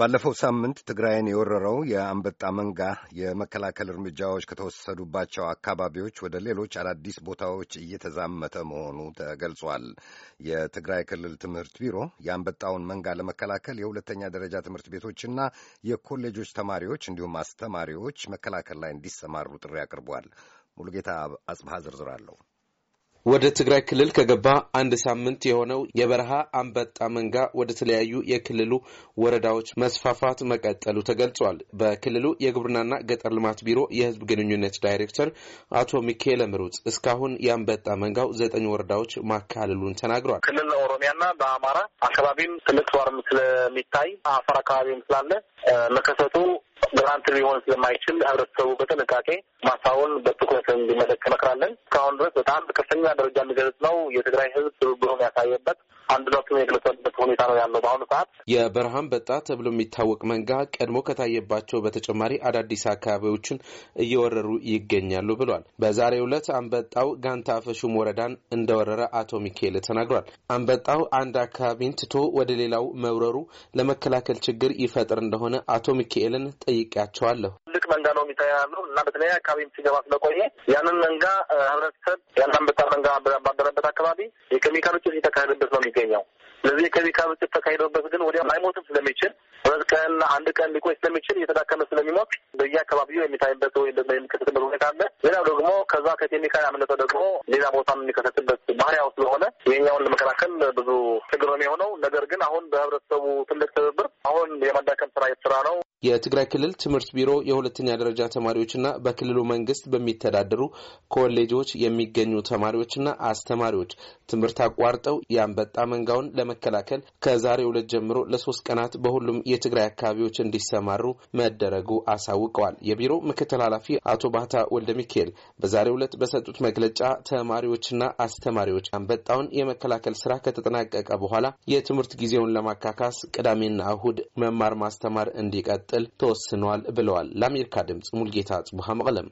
ባለፈው ሳምንት ትግራይን የወረረው የአንበጣ መንጋ የመከላከል እርምጃዎች ከተወሰዱባቸው አካባቢዎች ወደ ሌሎች አዳዲስ ቦታዎች እየተዛመተ መሆኑ ተገልጿል። የትግራይ ክልል ትምህርት ቢሮ የአንበጣውን መንጋ ለመከላከል የሁለተኛ ደረጃ ትምህርት ቤቶችና የኮሌጆች ተማሪዎች እንዲሁም አስተማሪዎች መከላከል ላይ እንዲሰማሩ ጥሪ አቅርቧል። ሙሉጌታ አጽብሃ ዝርዝር አለው። ወደ ትግራይ ክልል ከገባ አንድ ሳምንት የሆነው የበረሃ አንበጣ መንጋ ወደ ተለያዩ የክልሉ ወረዳዎች መስፋፋት መቀጠሉ ተገልጿል። በክልሉ የግብርናና ገጠር ልማት ቢሮ የሕዝብ ግንኙነት ዳይሬክተር አቶ ሚካኤል ምሩጽ እስካሁን የአንበጣ መንጋው ዘጠኝ ወረዳዎች ማካለሉን ተናግሯል። ክልል ኦሮሚያና በአማራ አካባቢም ትልቅ ተዋርም ስለሚታይ አፈር አካባቢም ስላለ መከሰቱ ግራንት ሊሆን ስለማይችል ህብረተሰቡ በጥንቃቄ ማሳውን በትኩረት እንዲመለክ እመክራለን። እስካሁን ድረስ በጣም በከፍተኛ ደረጃ የሚገለጽ ነው። የትግራይ ህዝብ ትብብሩን ያሳየበት አንድነቱን የገለጸበት ሁኔታ ነው ያለው በአሁኑ ሰዓት። የበረሃ በጣ ተብሎ የሚታወቅ መንጋ ቀድሞ ከታየባቸው በተጨማሪ አዳዲስ አካባቢዎችን እየወረሩ ይገኛሉ ብሏል። በዛሬው ዕለት አንበጣው ጋንታ አፈሹም ወረዳን እንደወረረ አቶ ሚካኤል ተናግሯል። አንበጣው አንድ አካባቢን ትቶ ወደ ሌላው መውረሩ ለመከላከል ችግር ይፈጥር እንደሆነ አቶ ሚካኤልን ጠይቄያቸዋለሁ። መንጋ ነው የሚታያ እና በተለያየ አካባቢ ሲገባ ስለቆየ ያንን መንጋ ህብረተሰብ ያን አንበጣ መንጋ ባደረበት አካባቢ የኬሚካሎች ውጭት የተካሄደበት ነው የሚገኘው። ስለዚህ የኬሚካሎች ውጭት ተካሂደበት ግን ወዲያ አይሞትም ስለሚችል ሁለት ቀን አንድ ቀን ሊቆይ ስለሚችል እየተዳከመ ስለሚሞት በየአካባቢው የሚታይበት ወይ የሚከሰትበት ሁኔታ አለ። ሌላው ደግሞ ከዛ ከኬሚካል ያመለጠ ደግሞ ሌላ ቦታም የሚከሰትበት ባህሪያው ስለሆነ ይሄኛውን ለመከላከል ብዙ ችግር ነው የሆነው። ነገር ግን አሁን በህብረተሰቡ ትልቅ ትብብር አሁን የማዳከም ስራ የተሰራ ነው። የትግራይ ክልል ትምህርት ቢሮ የሁለተኛ ደረጃ ተማሪዎችና በክልሉ መንግስት በሚተዳደሩ ኮሌጆች የሚገኙ ተማሪዎችና አስተማሪዎች ትምህርት አቋርጠው የአንበጣ መንጋውን ለመከላከል ከዛሬ ሁለት ጀምሮ ለሶስት ቀናት በሁሉም የትግራይ አካባቢዎች እንዲሰማሩ መደረጉ አሳውቀዋል። የቢሮ ምክትል ኃላፊ አቶ ባህታ ወልደ ሚካኤል በዛሬው ዕለት በሰጡት መግለጫ ተማሪዎችና አስተማሪዎች አንበጣውን የመከላከል ስራ ከተጠናቀቀ በኋላ የትምህርት ጊዜውን ለማካካስ ቅዳሜና እሁድ መማር ማስተማር እንዲቀጥል ተወስኗል ብለዋል። ለአሜሪካ ድምጽ ሙልጌታ ጽቡሃ መቀለም